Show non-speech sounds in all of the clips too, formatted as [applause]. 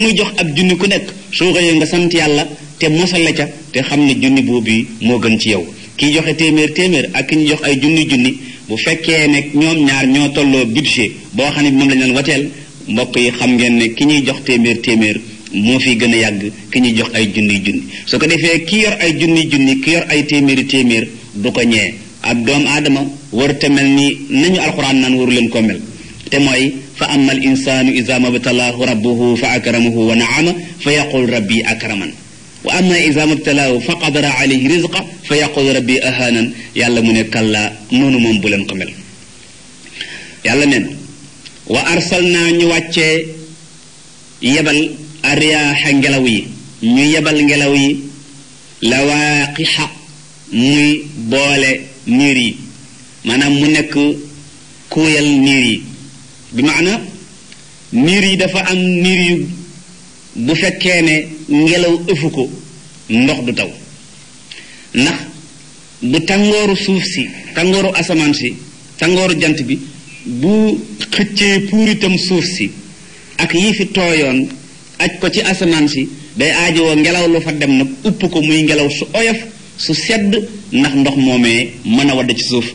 mu jox ab junni ku nekk soo xëyee nga sant yàlla te mosale ca te xam ne junni boobu moo gën ci yow kiy joxe téeméer téeméer ak ki ñu jox ay junni junni bu fekkee ne ñoom ñaar ñoo tolloo budget boo xam ne moom lañ leen wateel mbokk yi xam ngeen ne ki ñuy jox téeméer téeméer moo fi gën a yàgg ki ñuy jox ay junni junni su ko defee ki yor ay junni junni ki yor ay téeméeri téeméer du ko ñee ab doom aadama war te mel ni nañu alxuraan naan waru leen ko mel fa ama al insaanu ida mabtalaahu rabbuhu fa akramahu wa naama fa yaqul rabbi akraman wa ama ida mabtalaahu fa qadara alayhi rizqa fa yaqul rabbi ahanan yàlla mu ne kallaa noonu moom bu leen ko mel yàlla neen wa arsalnaa ñu wàccee yebal ariyaaxa ngelaw yi ñu yebal ngelaw yi lawaaqixa muy boole niir yi maanaam mu nekk kuuyal niir yi bi maana miir yi dafa am niir yu bu fekkee ne ngelaw ëfu ko ndox du taw ndax bu tàngooru suuf si tàngooru asamaan si tàngooru jant bi bu xëccee puuritam suuf si ak yi fi tooyoon aj ko ci asamaan si day aajowoo ngelaw lu fa dem nag upp ko muy ngelaw su oyof su sedd ndax ndox moomee mën a wadd ci suuf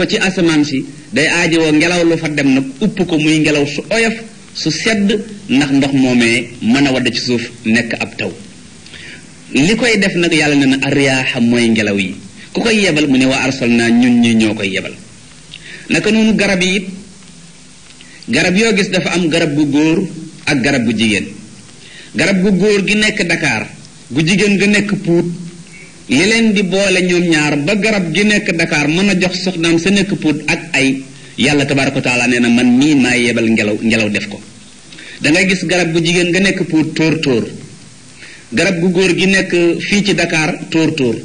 ko ci asamaan si day aajowoo ngelaw lu fa dem nag upp ko muy ngelaw su oyof su sedd ndax ndox moomee mën a wadd ci suuf nekk ab taw li koy def nag yàlla ne na ariyaaxa mooy ngelaw yi ku koy yebal mu ne waa arsal naa ñun ñi ñoo koy yebal naka noonu garab yi it garab yoo gis dafa am garab gu góor ak garab gu jigéen garab gu góor gi nekk Dakar gu jigéen ga nekk Pout li leen di boole ñoom ñaar ba garab gi nekk dakaar mën a jox soxnaam sa nekk Pout ak ay yàlla tabaaraka wa taala nee na man mii maa yebal ngelaw ngelaw def ko da ngay gis garab gu jigéen nga nekk Pout tóor tóor garab gu góor gi nekk fii ci dakaar tóor tóor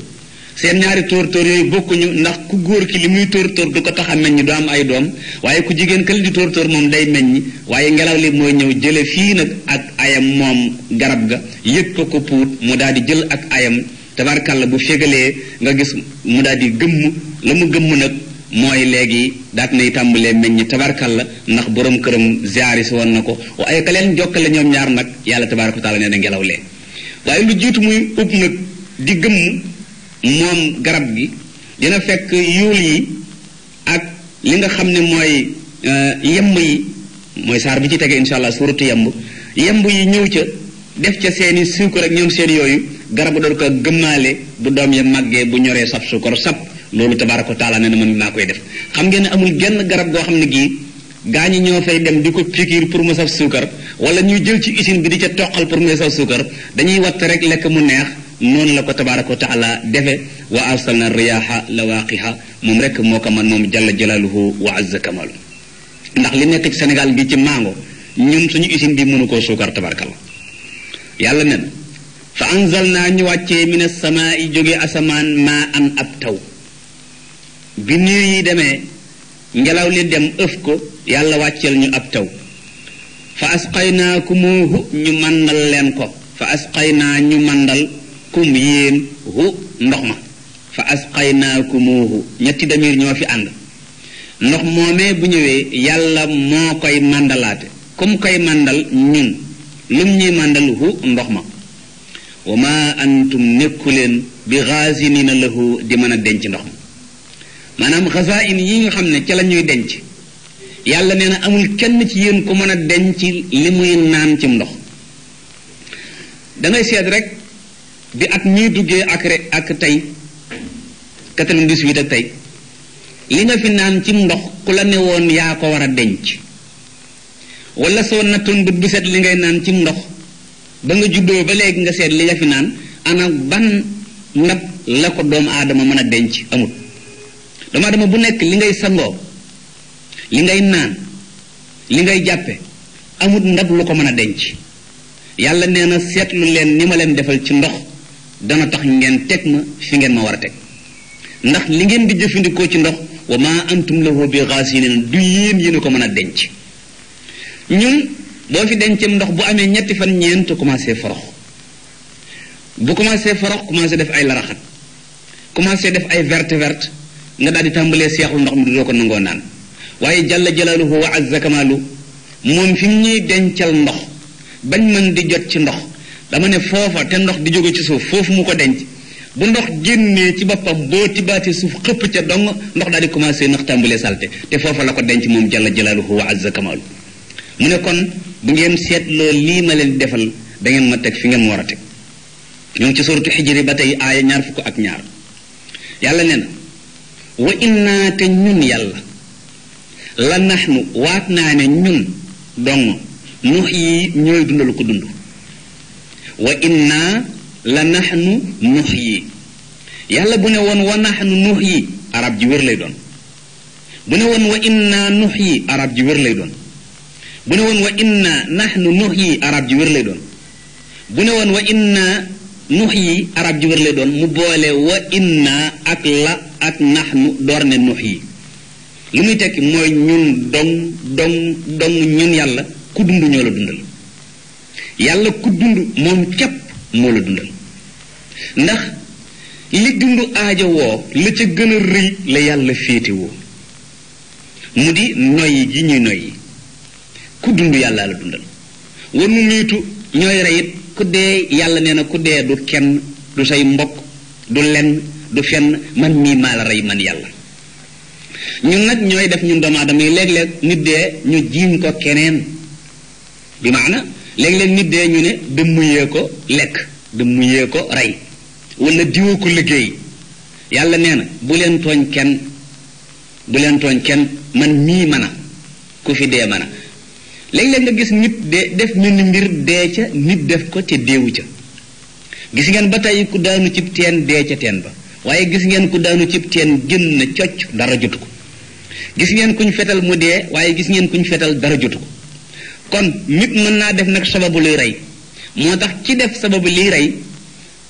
seen ñaari tóor tóor yooyu bokkuñu ndax ku góor ki li muy tóor tóor du ko tax a meññ du am ay doom waaye ku jigéen kële di tóor tóor moom day meññ waaye ngelaw li mooy ñëw jële fii nag ak ayam moom garab ga yëg ko ko mu daal di jël ak ayam la bu fégalee nga gis mu daal di gëmm la mu gëmm nag mooy léegi daat nay tàmbalee meññ la ndax borom këram ziari si woon na ko waaye ka leen ñoom ñaar nag yàlla tabaraka taala nee na ngelaw lee waaye lu jiitu muy ub nag di gëmm moom garab gi dina fekk yuul yi ak li nga xam ne mooy eh, yemb yi mooy saar bi ci tegee incha allah yemb yemb yi ñëw ca def ca seeni suukar rek ñoom seen yooyu garabu doon ko gëmmaale bu doom ya màggee bu ñoree sab suukar sab loolu tabaaraka wa taala nee na man maa koy def xam ngeen ne amul genn garab goo xam ne gii gaa ñi ñoo fay dem di ko pikiir pour mu saf suukar wala ñuy jël ci usine bi di ca toqal pour muy saf suukar dañuy watt rek lekk mu neex noonu la ko defe wa taala defe wa la waa lawaaqiha moom rek moo ko man moom jalla jalaaluhu wa azza kamalu ndax li nekk ci Sénégal gi ci mango ñun suñu usine bi mënu koo suukar tabaaraka fa anzal naa ñu wàccee mina samaa yi jóge asamaan maa an ab taw bi niir demee ngelaw li dem ëf ko yàlla wàcceel ñu ab taw fa asqaynaakumu ñu màndal leen ko fa asqaynaa ñu màndal kum ma fa asqaynaakumu ñetti damir ñoo fi ànd ndox moomee bu ñëwee yàlla moo koy màndalaate kum koy màndal ñun lum ñuy màndal hu ndox ma wa ma antum nekku leen bi xaasinina lahu di mën a denc ndox ma maanaam xasain yi nga xam ne ca la ñuy denc yàlla nee na amul kenn ci yéen ku mën a denc li muy naan ci ndox dangay seet rek bi at mii duggee ak re ak tey 98 ak tey li nga fi naan ci ndox ku la ne woon yaa ko war a denc wala soo nattoon bët bu set li ngay naan ci ndox ba nga juddoo ba léegi nga seet li nga fi naan ana ban ndab la ko doomu aadama mën a denc amul doomu aadama bu nekk li ngay sangoo li ngay naan li ngay jàppe amut ndab lu ko mën a denc yàlla nee na seetlu leen ni ma leen defal ci ndox dana tax ngeen teg ma fi ngeen ma war a teg ndax li ngeen di jëfandikoo ci ndox wa ma antum lahu bi xaasinin du yéen yéen a ko mën a denc ñun boo fi dencem ndox bu amee ñetti fan ñeent commencé forox bu commencé forox commencé def ay laraxat commencé def ay verte verte nga daal di tàmbalee seexul ndox mu mi doo ko nangoo naan waaye jalla jalaaluhu wa azza kamaalu moom fi mu ñuy dencal ndox bañ mën di jot ci ndox dama ne foofa te ndox di jóge ci suuf foofu mu ko denc bu ndox génnee ci boppam boo tibaatee suuf xëpp ca dong ndox daal di commencé nax tàmbalee salte te foofa la ko denc moom jalla jalaaluhu wa azza kamaalu mu ne kon bu ngeen seetloo lii ma leen defal dangeen ma teg fi ngeen war a teg ñoo ngi ci suratu xijri ba tey aaya ñaar ko ak ñaar yàlla nee na wa innaa te ñun yàlla la naxnu waat naa ne ñun dong nux yi ñooy dundalu ko dund wa naa la naxnu nux yi yàlla bu ne woon wa naxnu nux yi arab ji wér lay doon bu ne woon wa innaa nux yi arab ji wér lay doon bu ne woon wa inna nahnu nuhyi arab ji wér doon bu ne woon wa inna nuhyi arab ji wér lay doon mu boole wa inna ak la ak nahnu door ne yi li muy tekki mooy ñun dong dong dong ñun yàlla ku dund ñoo la dundal yàlla ku dund moom képp moo la dundal ndax li dund aajo woo la ca gën a rëy la yàlla féete woo mu di noyyi gi ñuy noyyi ku dund yàlla la dundal war nu niitu ñooy rey it ku dee yàlla nee na ku dee du kenn du say mbokk du lenn du fenn man mii maa la rey man yàlla ñun nag ñooy def ñun doomu aadama yi léeg-léeg nit dee ñu jiiñ ko keneen bi maana léeg-léeg nit dee ñu ne dëmmuyee ko lekk dëmmuyee ko rey wala diwa ko liggéey yàlla nee na bu leen tooñ kenn bu leen tooñ kenn man mii mën a ku fi dee mën a léeg-léeg nga gis nit dee def mel ni mbir dee ca nit def ko ca déewu ca gis ngeen ba tey ku daanu cib teen dee ca teen ba waaye gis ngeen ku daanu cib teen génn na cocc dara jotu ko gis ngeen kuñ fetal mu dee waaye gis ngeen kuñ fetal dara jotu ko kon nit mën naa def nag sababu luy rey moo tax ci def sababu liy rey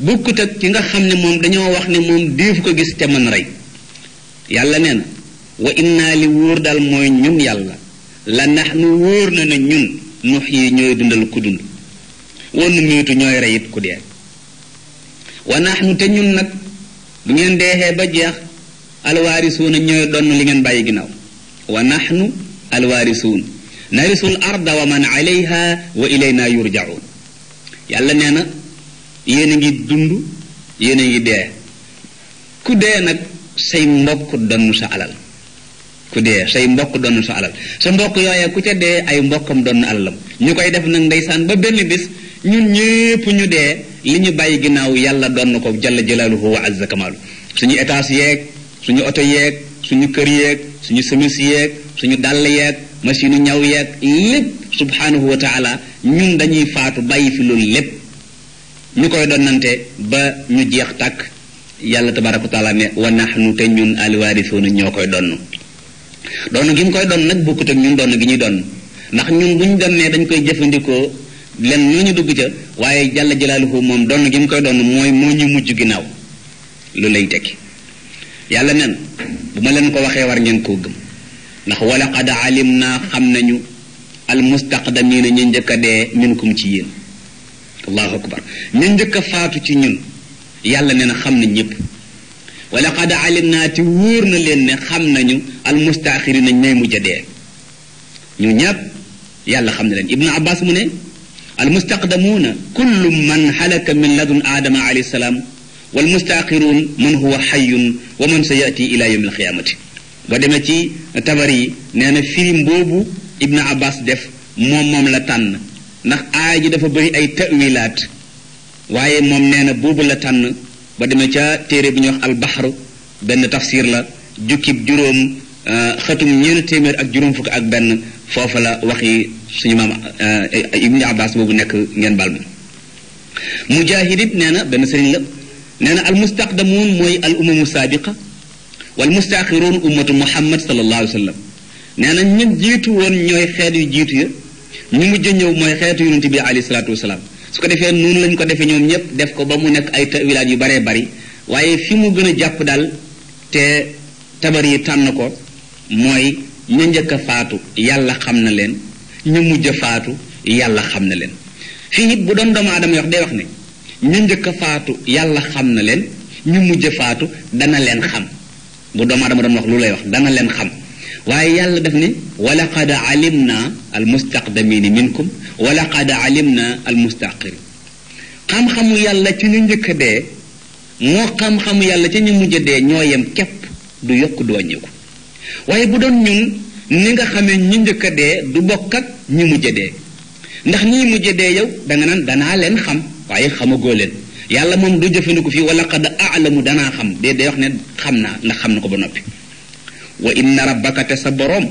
bokkut ak ki nga xam ne moom dañoo wax ne moom déefu ko gis te mën rey yàlla nee na wa inna li wóor daal mooy ñun yàlla la nax nu wóor na ne ñun nux yi ñooy dundal ku dund wanu miitu ñooy rey it ku dee wa nax nu te ñun nag bu ngeen deexee ba jeex alwaarisuuna ñooy donn li ngeen bàyyi ginnaaw wa naxnu alwaarisuun narisul arda wa man alayha wa ilayna yurjaun yàlla nee na yéen ngi dund yéen a ngi dee ku dee nag say mbokk donn sa alal ku dee say mbokk doon sa alal sa mbokk yooyee ku ca dee ay mbokkam doon na alalam ñu koy def nag ndeysaan ba benn bis ñun ñépp ñu dee li ñu bàyyi ginnaaw yàlla doon na ko jalla jalaaluhu wa azza kamaalu suñu étage yeeg suñu oto yeeg suñu kër yeeg suñu semis yeeg suñu dàll yeeg machine ñaw yeeg lépp subhanahu wa ñun dañuy faatu bàyyi fi loolu lépp ñu koy donnante ba ñu jeex tàkk yàlla tabaraka wa ne wa nahnu te ñun alwaarisuuna ñoo koy doon gi mu koy doon nag bokkut ak ñun doon gi ñuy doon ndax ñun bu ñu nee dañ koy jëfandikoo lenn lu ñu dugg ca waaye jàlla jëlaaluhu moom doon gi mu koy doon mooy moo ñu mujj ginnaaw lu lay tekki yàlla nen bu ma leen ko waxee war ngeen koo gëm ndax wala qad alim naa xam nañu al mustaqdamina ñu njëkk a dee minkum ci yéen allahu akbar ñu njëkk faatu ci ñun yàlla nee na xam nañ wala qad alim naa ci wóor na leen ne xam nañu almustaaxiri nañ ñooy mujj a dee ñu ñépp yàlla xam na leen ibnu abbas mu ne almustaqdamuuna kullu man halaka min ladun aadama alayhi salaam walmustaaxiruun man huwa xayun wa man sa yati ila yawmi alqiyaamati boo demee ci tabar yi nee na firim boobu ibnu abbas def moom moom la tànn ndax aaya ji dafa bëri ay tawilaat waaye moom nee boobu la tànn ba demee ca téere bu ñuy wax albaxru benn tafsir la jukkib juróom euh, xatum ñeent téeméer ak juróom fukk ak benn foofa la waxi suñu maam euh, ibni abbas boobu nekk ngeen bal ma mujahid it nee na benn sëriñ la nee na al mustaqdamuun mooy al umamu saabiqa wal mustaaxiruun ummatu muhammad sallallahu alayhi wa sallam nee na ñun jiitu woon ñooy xeet yu jiitu ya ñu mujj ñëw mooy xeetu yonente bi alayhi salaatu wasalaam su ko defee noonu lañ ko defee ñoom ñëpp def ko ba mu nekk ay tawilaat yu bare bari waaye fi mu gën a jàpp daal te tabar yi tànn ko mooy ña njëkk a faatu yàlla xam na leen ñu mujj yàlla xam na leen fii it bu doon doomu aadama day wax ne ñu njëkk faatu yàlla xam na leen ñu mujj faatu dana leen xam bu doomu aadama doon wax lu lay wax dana leen xam waaye yàlla def ne walaqad alimna al mustaqdamina minkum walaqad alimna almustaqir xam-xamu yàlla ci ñu njëkk a dee moo xam-xamu yàlla ci ñu mujj a dee ñoo yem kepp du yokk du wàññeeku waaye bu doon ñun ni nga xamee ñu njëkk a dee du bokk ak ñu mujj a dee ndax ñii mujj a dee yow danga naan danaa leen xam waaye xamagoo leen yàlla moom du jëfandiku fii walaqad alamu danaa xam dee day wax ne xam naa ndax xam na ko ba noppi wa inna rabbaka te sa boroom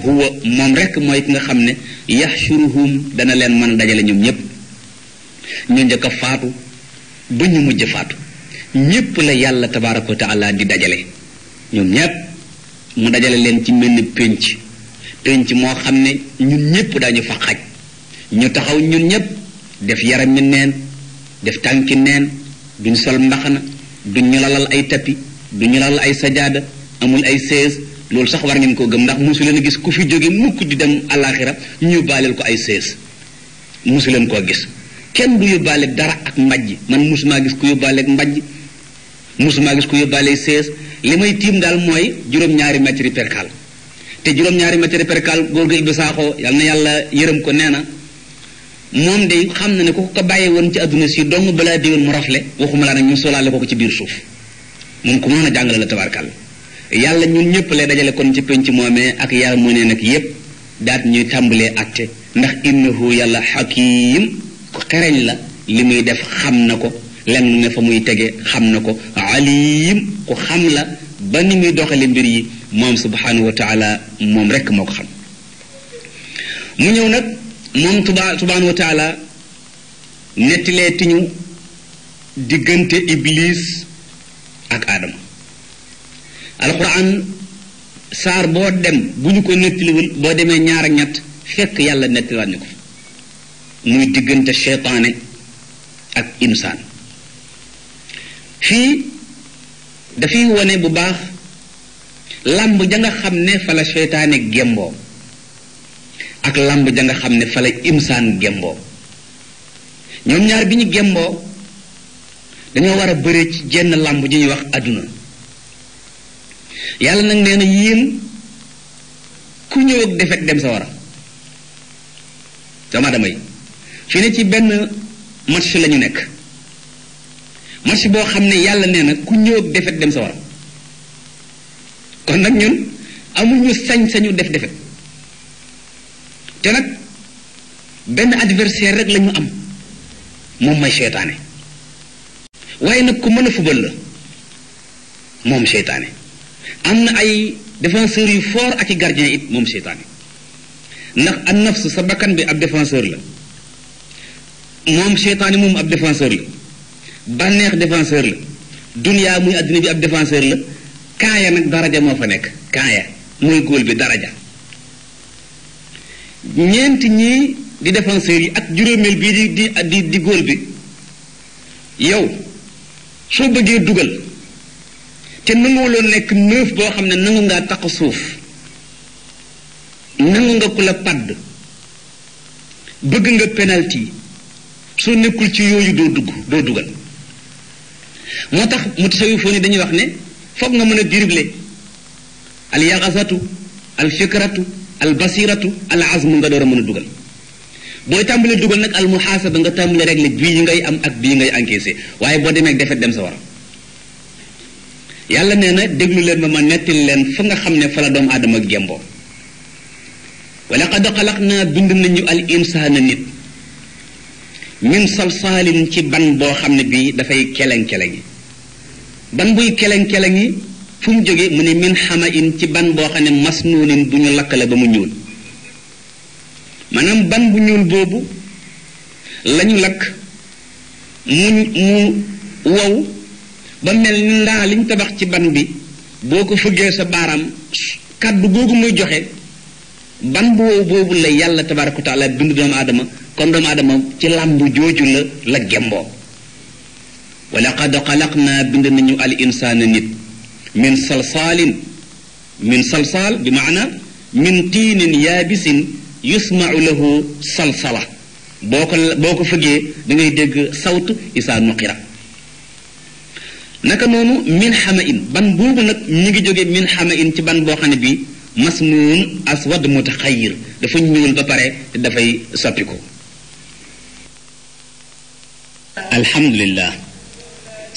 huwa moom rek mooy ki nga xam ne yaxshuruhum dana leen man dajale ñoom ñépp ñu njëkk a faatu ba ñu mujj faatu ñépp la yàlla tabaaraka wa di dajale ñoom ñépp mu dajale leen ci mel ni pénc pénc moo xam ne ñun ñépp dañu fa xaj ñu taxaw ñun ñépp def yaram mi neen def tànki neen duñ sol mbaxana duñ ñu lalal ay tapi duñu lalal ay sajaada amul ay sées loolu sax war ngeen koo gëm ndax mosu leen a gis ku fi jóge mukk di dem alaxira ñu yóbbaaleel ko ay sées mosu leen koo gis kenn du yóbbaale dara ak mbajj man mosumaa gis ku yóbbaaleeg mbajj mosumaa gis ku yóbbaale sées li may tiim daal mooy juróom-ñaari mètre percal te juróom-ñaari mètre percal góor ga Ibra yal na yàlla yërëm ko nee na moom de xam na ne ku ko bàyyee woon ci adduna si dong balaa déwén mu rafle waxuma laa nag ñu solaale ko ko ci biir suuf moo ku mën a jàngale la tabarkàlla yàlla ñun ñëpp lay dajale kon ci penc moomee ak yaa mu ne nag yépp daat ñuy tàmbalee atte ndax innahu yàlla xakiim ku xereñ la li muy def xam na ko lenn ne fa muy tege xam na ko aliim ku xam la ba ni muy doxale mbir yi moom subhaanahu wa moom rekk moo ko xam mu ñëw nag moom tuba subhaanahu wa nettilee tiñu diggante iblis ak aadama alquran saar boo dem bu ñu ko nettaliwul boo demee ñaar ak ñett fekk yàlla nettaliwaat ñu ko muy diggante seytaane ak insaan fii dafay wone bu baax làmb ja nga xam ne fa la seytaane gemboo ak làmb ja nga xam ne fa la insaan gemboo ñoom ñaar bi ñu gemboo dañoo war a bëree ci jenn làmb ji ñuy wax àdduna yàlla nag nee na yéen ku ñëw defet dem sa war a doomu aadama ci benn match la ñu nekk match boo xam ne yàlla nee na ku ñëw defet dem sa war a kon nag ñun amuñu sañ-sañu def defet te nag benn adversaire rek la ñu am moom mooy seytaane waaye nag ku mën a fubal la moom seytaane am na ay défenseurs yu foor ak i gardien it moom seytaane ndax an nafs sa bakkan bi ab défenseur la moom seytaane moom ab défenseur la bànneex défenseur la duniyaa muy àddina bi ab défenseur la kaaya nag daraja moo fa nekk kaaya mooy góol bi daraja ñeenti ñii di défenseurs yi ak juróomeel bii di di di góol bi yow soo bëggee dugal te nanguwuloo nekk neuf boo xam ne nangu ngaa taq suuf nangu nga ku la padd bëgg nga penalti soo nekkul ci yooyu doo dugg doo dugal moo tax mu tasawufoon yi dañuy wax ne foog nga mën a dribbler al yaxasatu al fikratu al basiratu al azmu nga door a mën a dugal booy tàmbalee dugal nag al muhaasaba nga tàmbalee régler bii yi ngay am ak bii ngay encaissé waaye boo demee defet dem sa war yàlla nee na déglu leen ma ma nettali leen fu nga xam ne fa la doomu aadama gembo wala qad xalaq naa bind nañu al insaana nit min salsaalin ci ban boo xam ne bii dafay keleng-keleng yi ban buy keleng-keleng yi fu mu jóge mu ne min xama ci ban boo xam ne masnuunin bu ñu lakk la ba mu ñuul maanaam ban bu ñuul boobu lañu lakk mu mu wow ba mel ni liñ tabax ci ban bi boo ko fëggee sa baaraam kàddu googu muy joxe ban bu wow boobu la yàlla tabaaraka wa taala bindu doomu aadama kon doomu adama ci làmbu jooju la la gemboo wa laqad xalaqnaa bind nañu al insaana nit min salsaalin min salsaal bi maana min tiinin yaabisin yusmau lahu salsala boo ko boo ko fëggee da ngay dégg sawt isaa nuqira naka noonu min xama in ban boobu nag ñu ngi jóge min xama in ci ban boo xam ne bi masnuun aswad mutaxayir dafa ñuul ba pare te dafay soppi ko alhamdulillah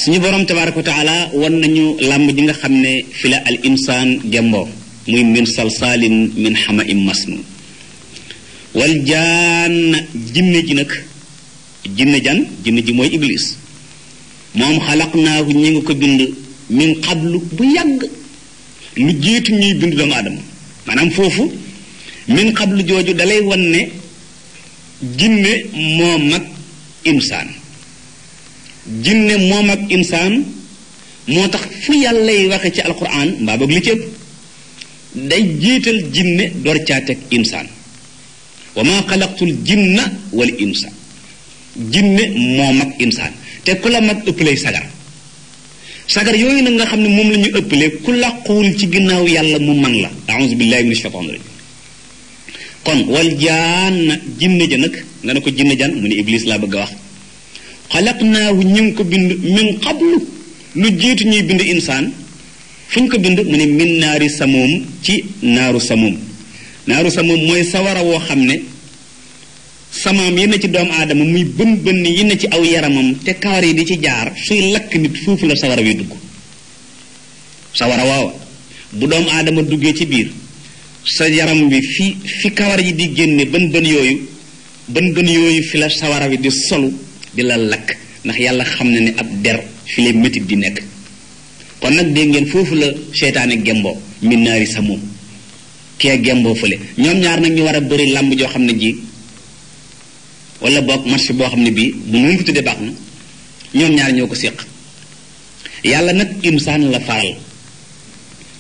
suñu borom tabaraka wa taala wan nañu làmb ji nga xam ne fi la al insaan gembo muy min salsaalin min xama in masnuun wal jaan jinne ji nag jinne jan jinne ji mooy iblis moom xalaqnaahu ñu nga ko bind min qablu bu yàgg lu jiitu ñuy bind doomu aadama maanaam foofu min qablu jooju dalay wan ne jinne moo mag insaan jinne moo tax fu yàllay waxe ci alquran mbaa boog li cëpp day jiital jinne door caa teg insaan wa maa xalaqtul jinna wal insa jinne moo mag insaan te ku la mag ëpp lay sagar sagar yooyu nag nga xam ne moom lañu ñu ku làquwul ci ginnaaw yàlla mu man la aouzu billahi mina shaytaani rajim kon wal na jinne ja nag nga ne ko jinne jan mu ne iblis laa bëgg a wax xalaq naahu ñu ngi ko bind min qablu lu jiitu ñuy bind insaan fu ñu ko bind mu ne min naari samoom ci naaru samoom naaru samoom mooy sawara woo xam ne samaam yi na ci doomu aadama muy bën bënn yi na ci aw yaramam te kawar yi di ci jaar suy lakk nit foofu la sawara wi dugg sawara aadama duggee ci biir sa yaram bi fi fi kawar yi di génne bën bën yooyu bën bën yooyu fi la sawara wi di solu di la lakk ndax yàlla xam ne ni ab der fi la métit di nekk kon nag dégg ngeen foofu la seytaane gemboo min naari sa moom kee gemboo fële ñoom ñaar nag ñu war a bëri làmb joo xam ne ji wala boog match boo xam ne bii bu mu ko tuddee baax na ñoom ñaar ñoo ko séq yàlla nag imsaan la faral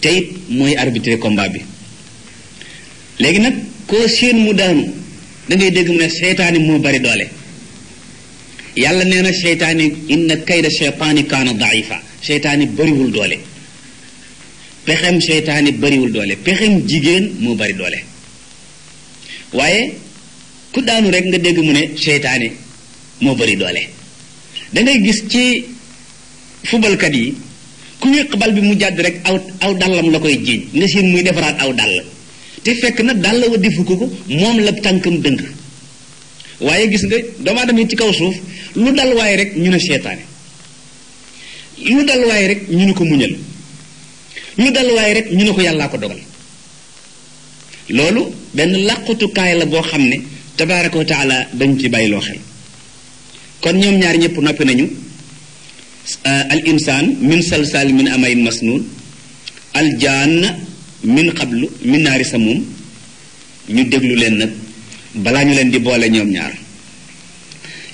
te mooy arbitré combat bi léegi nag koo séen mu daanu da ngay dégg mu ne seytaane moo bari doole yàlla nee na seytaane inna kayda seytaani kaana daifa seytaane bariwul doole pexem seytaane bariwul doole pexem jigéen moo bari doole waaye ku daanu rek nga dégg mu ne seytaane moo bari doole dangay gis ci fubalkat yi ku wéq bal bi mu jàdd rek aw aw dàllam la koy jiiñ nga seen muy defaraat aw dàll te fekk na dàll wa defu ko ko moom la tànkam dëng waaye gis nga doomu aadama ci kaw suuf lu dal waaye rek ñu ne seytaane lu dal waaye rek ñu ne ko muñal lu dal waaye rek ñu ne ko yàllaa ko dogal loolu benn làqutukaay la boo xam ne tabaraka wa taala dañ ci bàyyiloo xel kon ñoom ñaar ñëpp noppi nañu euh, al min salsaal min amayin masnuun al jaan min xablu min naari samum ñu déglu leen nag balaa ñu leen di boole ñoom ñaar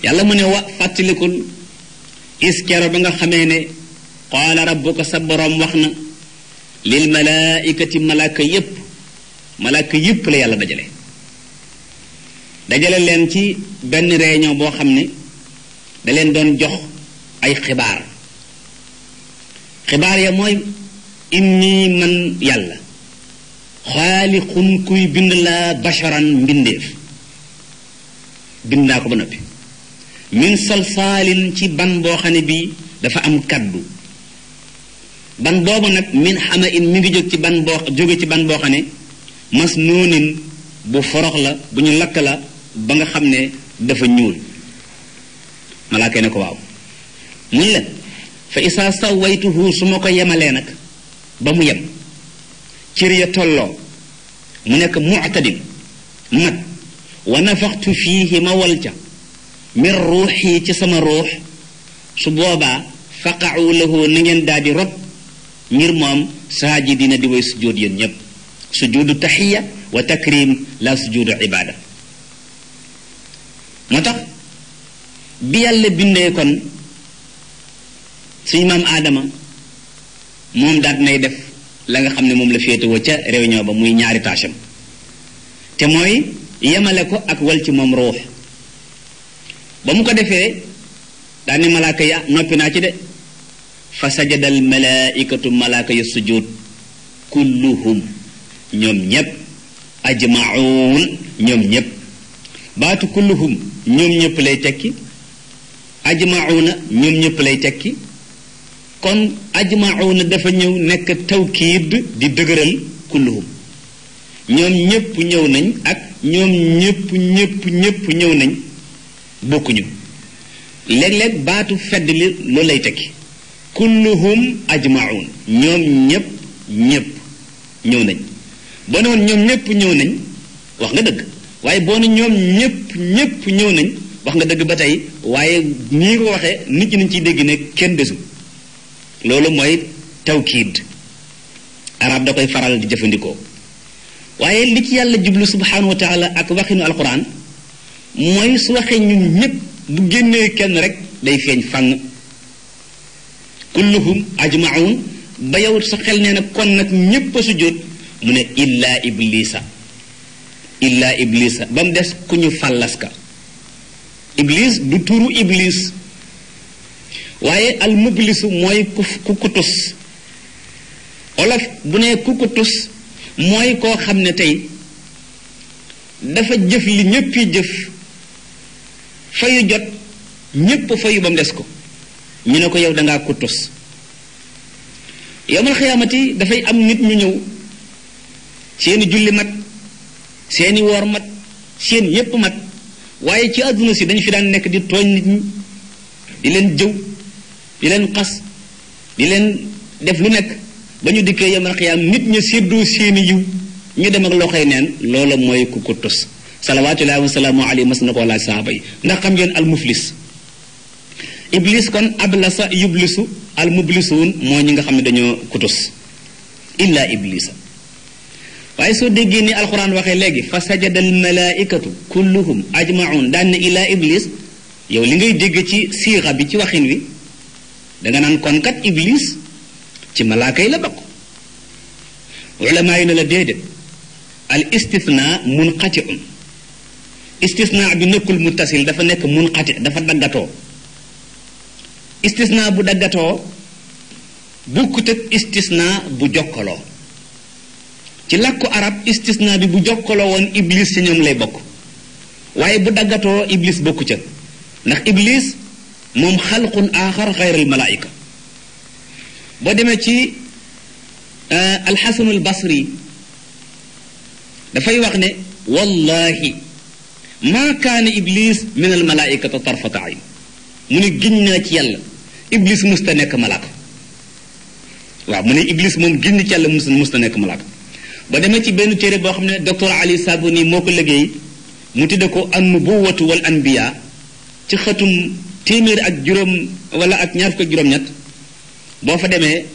yàlla mu ne wa fàttalikul iskero ba nga xamee ne qaala rabbuka sa boroom wax na lil malaikati malaaka yépp malaaka yépp la yàlla dajale dajale leen ci benn réunion boo xam ne daleen doon jox ay xibaar xibaar ya mooy inni man yàlla xaalixun kuy bind la basharan mbindeef bind naa ko ba noppi min salsaalin ci ban boo xam bii dafa am kaddu ban boobu nag min xama in mi ngi jóg ci ban boo jóge ci ban boo xam ne mas noonin bu forox la bu ñu lakk la ba nga xam ne dafa ñuul malaaka ne ko waaw muñ la fa isaa sawaytuhu su ma ko yemalee nag ba mu yem cër ya tolloo mu nekk muctadil mat wa nafaxtu fiihi ma wal ca min ruuxi ci sama ruux su boobaa faqacu lahu na ngeen daal di rot ngir moom saajidina di way sujuud yéen ñépp sujuudu taxiya wa takrim la sujuudu ibaada moo tax bi yàlla bindee kon suñu maam aadama moom daat nay def la nga xam ne moom la féetewoo ca réunion ba muy ñaari tâcham te mooy yemale ko ak wal ci moom ruux ba mu ko defee daane malaaka ya noppi naa ci de fa sajada al malaikatu malaaka ya sujud kulluhum ñoom ñépp ajmaun ñoom ñépp baatu kulluhum ñoom ñëpp lay tekki na ñoom ñëpp lay tekki kon na dafa ñëw nekk tawkiid di dëgëral kulluhum ñoom ñëpp ñëw nañ ak ñoom ñëpp ñëpp ñëpp ñëw nañ bokkuñu baatu fedd li loolu lay ñoom ñëpp ñëw nañ ba noonu ñoom ñëpp ñëw nañ wax nga dëgg waaye boo ne ñoom ñëpp ñëpp ñëw nañ wax nga dëgg ba tey waaye nii ko waxee nit ñi nañ ciy dégg ne kenn desu loolu mooy tawkiid arab da koy faral di jëfandikoo waaye li ci yàlla jublu subhanahu wa taala ak waxinu alquran mooy su waxee ñun ñëpp bu génnee kenn rek day feeñ fànn kulluhum ajmaun ba yow sa xel nee na kon nag ñëpp a sujjóot mu ne illa iblisa illa iblisa ba mu des ku ñu fallaska iblis du turu iblis waaye al mublisu mooy ku kutus olof bu nee ku kutus mooy koo xam ne tey dafa jëf li ñépp yi jëf fayu jot ñépp fayu ba mu des ko ñu ne ko yow dangaa kutus yomal xiyaamati dafay am nit ñu ñëw seeni julli mat seeni woor mat seen yépp mat waaye ci àdduna si dañu fi daan nekk di tooñ nit ñi di leen jëw di leen xas di leen def lu nekk ba ñu dikkee yemal xiyaam nit ñu séddoo seeni yiw ñu dem ak yi neen loolu mooy ku ko tos salawaatullaahi wa salaamu alayhi mas na ko saaba yi ndax xam ngeen al muflis iblis kon ablasa yublisu al mublisuun moo ñi nga xam ne dañoo kutus illa iblisa waaye soo déggee ni alxuraan waxee léegi fa sajada almalaikatu kulluhum ajmaun daan ne ilaa iblis yow li ngay dégg ci siixa bi ci waxin wi danga naan konkat kat ci malaaka yi la bokk ulamaa yi ne la déedéet al istithna munqatiun istisna bi nekkul muttasil dafa nekk munqati dafa daggatoo istisna bu daggatoo bukkut ak istisna bu jokkaloo ci làkku arab istisna bi bu jokkaloo woon iblis ci ñoom lay bokk waaye bu daggatoo iblis bokk ca ndax iblis moom xalqun aaxar xayral malaayika boo demee ci euh, alxasanul basri dafay wax ne wallahi maa kaana iblis min al malaaikata tarfata ayn mu ne giñ naa ci yàlla iblis musta nekk malaaka mu ne iblis moom giñ ci yàlla musta nekk malaaka ba demee ci benn téere boo xam ne docteur Ali nii moo ko liggéey mu tudde ko bu nubuwatu wal anbiya ci xëtum téeméer ak juróom wala ak ñaar fukk juróom-ñett boo fa demee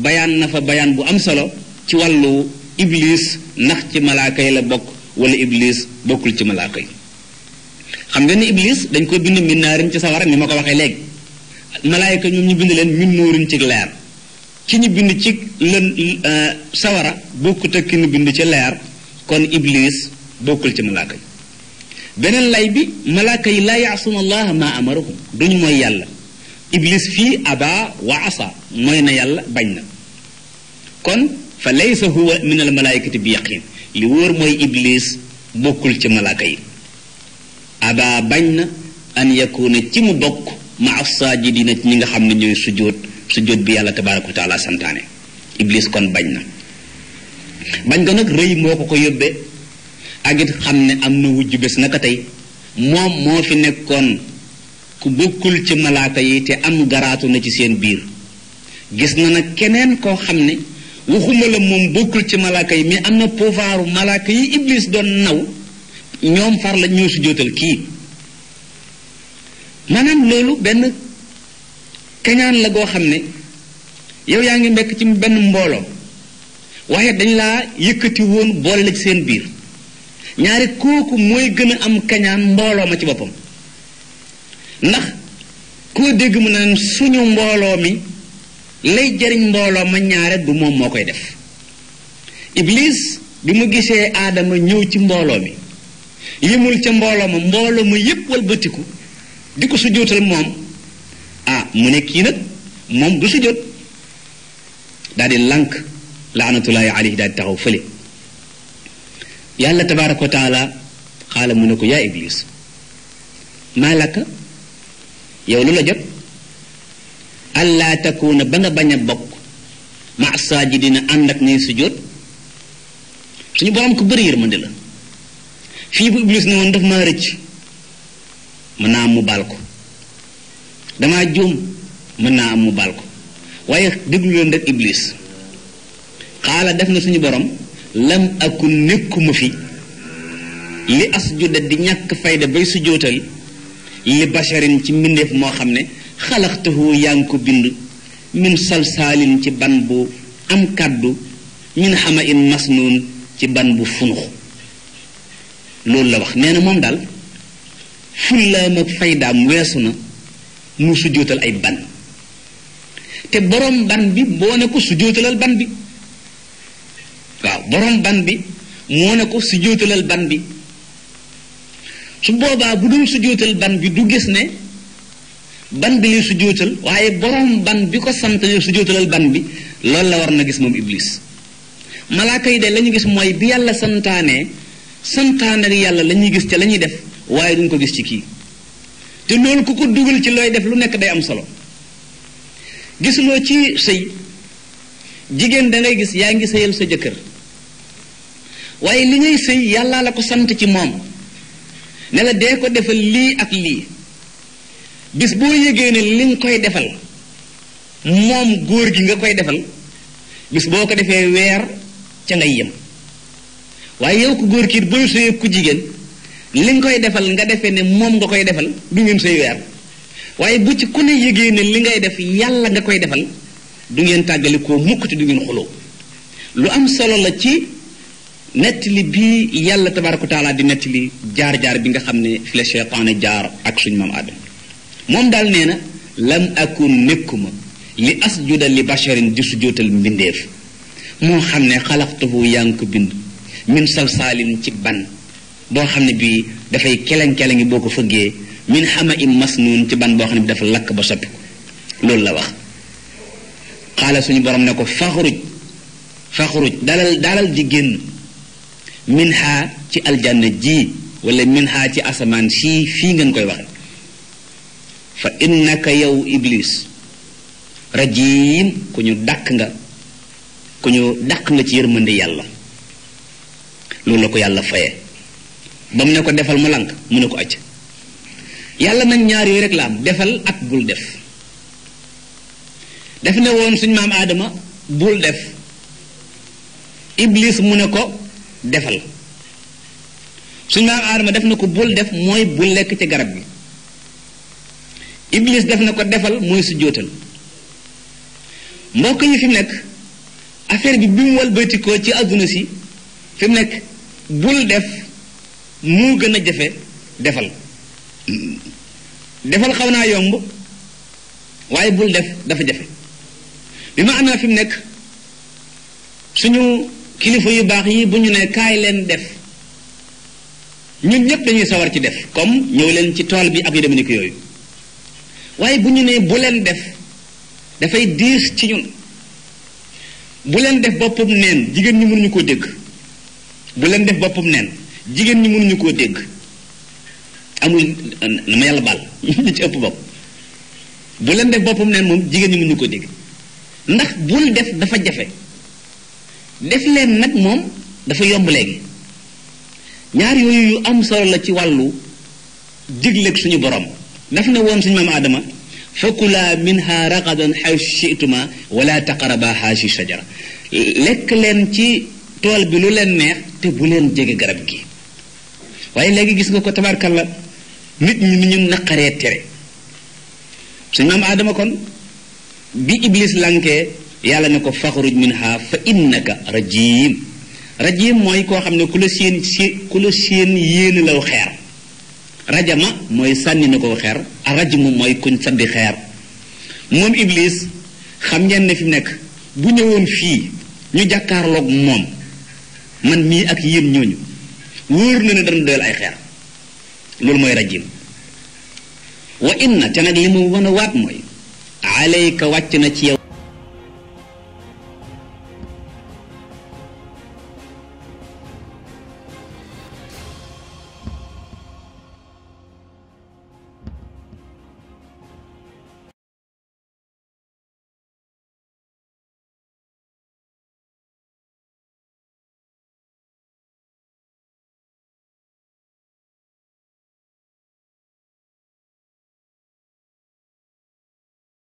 bayaan na fa bayaan bu am solo ci wàllu iblis ndax ci malaaka yi la bokk wala iblis bokkul ci malaaka yi xam nga ni iblis dañ ko bind min naarin ci a ni ma ko waxee léegi malaayka ñoom ñu bind leen min nuurin ci leer ci ñu bind ci lën euh, sawara bokkut ak ki ñu bind ci leer kon iblis bokkul ci malaaka yi beneen lay bi malaaka yi laa yaasuna allah ma amarahum duñ mooy yàlla iblis fii aba wa mooy na yàlla bañ na kon fa laysa huwa min al bi yaqin li wóor mooy iblis bokkul ci malaaka yi aba bañ na an yakuna ci mu bokk ma af saajidina ñi nga xam ne ñooy sujjóot sujjóot bi yàlla tabaaraka wa taala santaane iblis kon bañ na bañ ko nag rëy moo ko ko yóbbee ak it xam ne am na wujj bés naka tey moom moo fi nekkoon ku bokkul ci malaaka yi te am garaatu na ci seen biir gis na nag keneen koo xam ne waxuma la moom bokkul ci malaaka yi mais am na pouvoiru malaaka yi iblis doon naw ñoom far la ñoo sujjóotal kii maanaam loolu benn kañaan la goo xam ne yow yaa ngi nekk ci benn mbooloo waaye dañ laa yëkkati woon boole la ci seen biir ñaari kooku mooy gën a am kañaan mbooloo ma ci boppam ndax koo dégg mu naan suñu mbooloo mi lay jariñ mbooloo ma ñaare du moom moo koy def Iblis bi mu gisee aadama ñëw ci mbooloo mi yemul ca mbooloo ma mbooloo ma yépp walbatiku di ko sujjóotal moom mu ne kii nag moom du sujjóot daal di lànk laanatullaahi alayhi daal di taxaw fële yàlla tabaaraka wa taala xaala mu ne ko yaa iblis maa laka yow lu la jot allaa takuuna ba nga bañ a bokk ma saajidina ànd ak ñuy sujjóot suñu borom ko bëri yërmande la fii bu iblis ne woon daf maa rëcc mën naa mu baal ko dama juum mën naa am mu baal ko waaye déglu leen rek iblis xaala def na suñu borom lam akun nekkuma fi li asjuda di ñàkk fayda bay sujootal li basharin ci mbindeef moo xam ne xalaxtahu yaa ngi ko bind min salsaalin ci ban bu am kàddu min xama in masnuun ci ban bu funux loolu la wax nee na moom daal fullaam ak faydaam weesu na mu sujjóotal ay ban te borom ban bi moo ne ko sujjóotalal ban bi waaw borom ban bi moo ne ko sujjóotalal ban bi su boobaa bu dul sujjóotal ban bi du gis ne ban bi lay sujjóotal waaye borom ban bi ko sant ne sujjóotalal ban bi loolu la war na gis moom iblis malaaka yi de lañu gis mooy bi yàlla santaane santaane yàlla la ñuy gis ca lañuy ñuy def waaye duñ ko gis ci kii te loolu ku ko dugal ci looy def lu nekk day am solo gisuloo ci sëy jigéen da gis yaa ngi sëyal sa jëkkër waaye li ngay sëy yàlla la ko sant ci moom ne la dee ko defal lii ak lii gis boo yëgee ne li nga koy defal moom góor gi nga koy defal bis boo ko defee weer ca ngay yem waaye yow ku góor kiit booy sëyeeg ku jigéen li nga koy defal nga defee ne moom nga koy defal du ngeen say weer waaye bu ci ku ne yëgee li ngay def yàlla nga koy defal du ngeen tàggale koo mukk te du ngeen xuloo lu am solo la ci nettali bii yàlla tabaaraka taala di nettali jaar-jaar bi nga xam ne fi la seytaane jaar ak suñ maam aadama moom daal nee na lam akun nekkuma li asjuda li basharin di sujootal mbindeef moo xam ne xalaqtuhu yaa ngi ko bind min salsaalin ci ban boo xam ne bii dafay keleŋ-keleŋi boo ko fëggee min xama im masnuun ci ban boo xam ne bi dafa lakk ba soppi loolu la wax xaala suñu borom ne ko faxruj faxruj dalal dalal di génn ci aljanna ji walla min ci asamaan sii fii ngeen koy waxe fa innaka yow iblis rajim ku ñu dàq nga ku ñu dàq nga ci yërmande yàlla loolu la ko yàlla faye ba mu ne ko defal mu lànk mu ne ko acc yàlla nag ñaar yooyu defal ak bul def daf ne woon suñ maam aadama bul def iblis mu ne ko defal suñ maam aadama def na ko bul def mooy bul lekk ci garab bi iblis def na ko defal mooy su jóotal mbokk yi fi mu nekk bi bi mu walbatikoo ci adduna si fi mu bul def mu gën a jafe defal defal xaw naa yomb waaye bul def dafa jafe bi ma anaa fi mu nekk suñu kilifa yu baax yi bu ñu ne kaay leen def ñun ñëpp dañuy sawar ci def comme ñëw leen ci tool bi ak yu demee yooyu waaye bu ñu nee bu leen def dafay diis ci ñun bu leen def boppam neen jigéen ñi mënuñu koo dégg bu leen def boppam neen jigéen ñi mënuñu koo dégg amul na ma yàlla baal ñu [laughs] ci ëpp bopp bu leen def boppam neen moom jigéen ñi mënuñu koo dégg ndax bul def dafa jafe def leen nag moom dafa yomb léegi ñaar yooyu yu am solo la ci wàllu digleeg suñu borom daf ne woon suñu maam Adama fakulaa minha ragadan xaysu chituma wala taqaraba haasi shajara lekk leen ci tool bi lu leen neex te bu leen jege garab gi waaye léegi gis nga ko la nit ñi ni ñu naqaree tere suñ maam aadama kon bi iblis lankee yàlla ne ko faxruj minha fa innaka rajim rajim mooy koo xam ne ku la séen ku law xeer rajama mooy sànni na ko xeer a rajmu mooy kuñ sabbi xeer moom iblis xam ngeen ne fi nekk bu ñëwoon fii ñu jàkkaarloog moom man mii ak yéen ñooñu wóor na ne dana ay xeer loolu mooy rajim wa inna te nag li mu wan a waat mooy ka wàcc na ci yow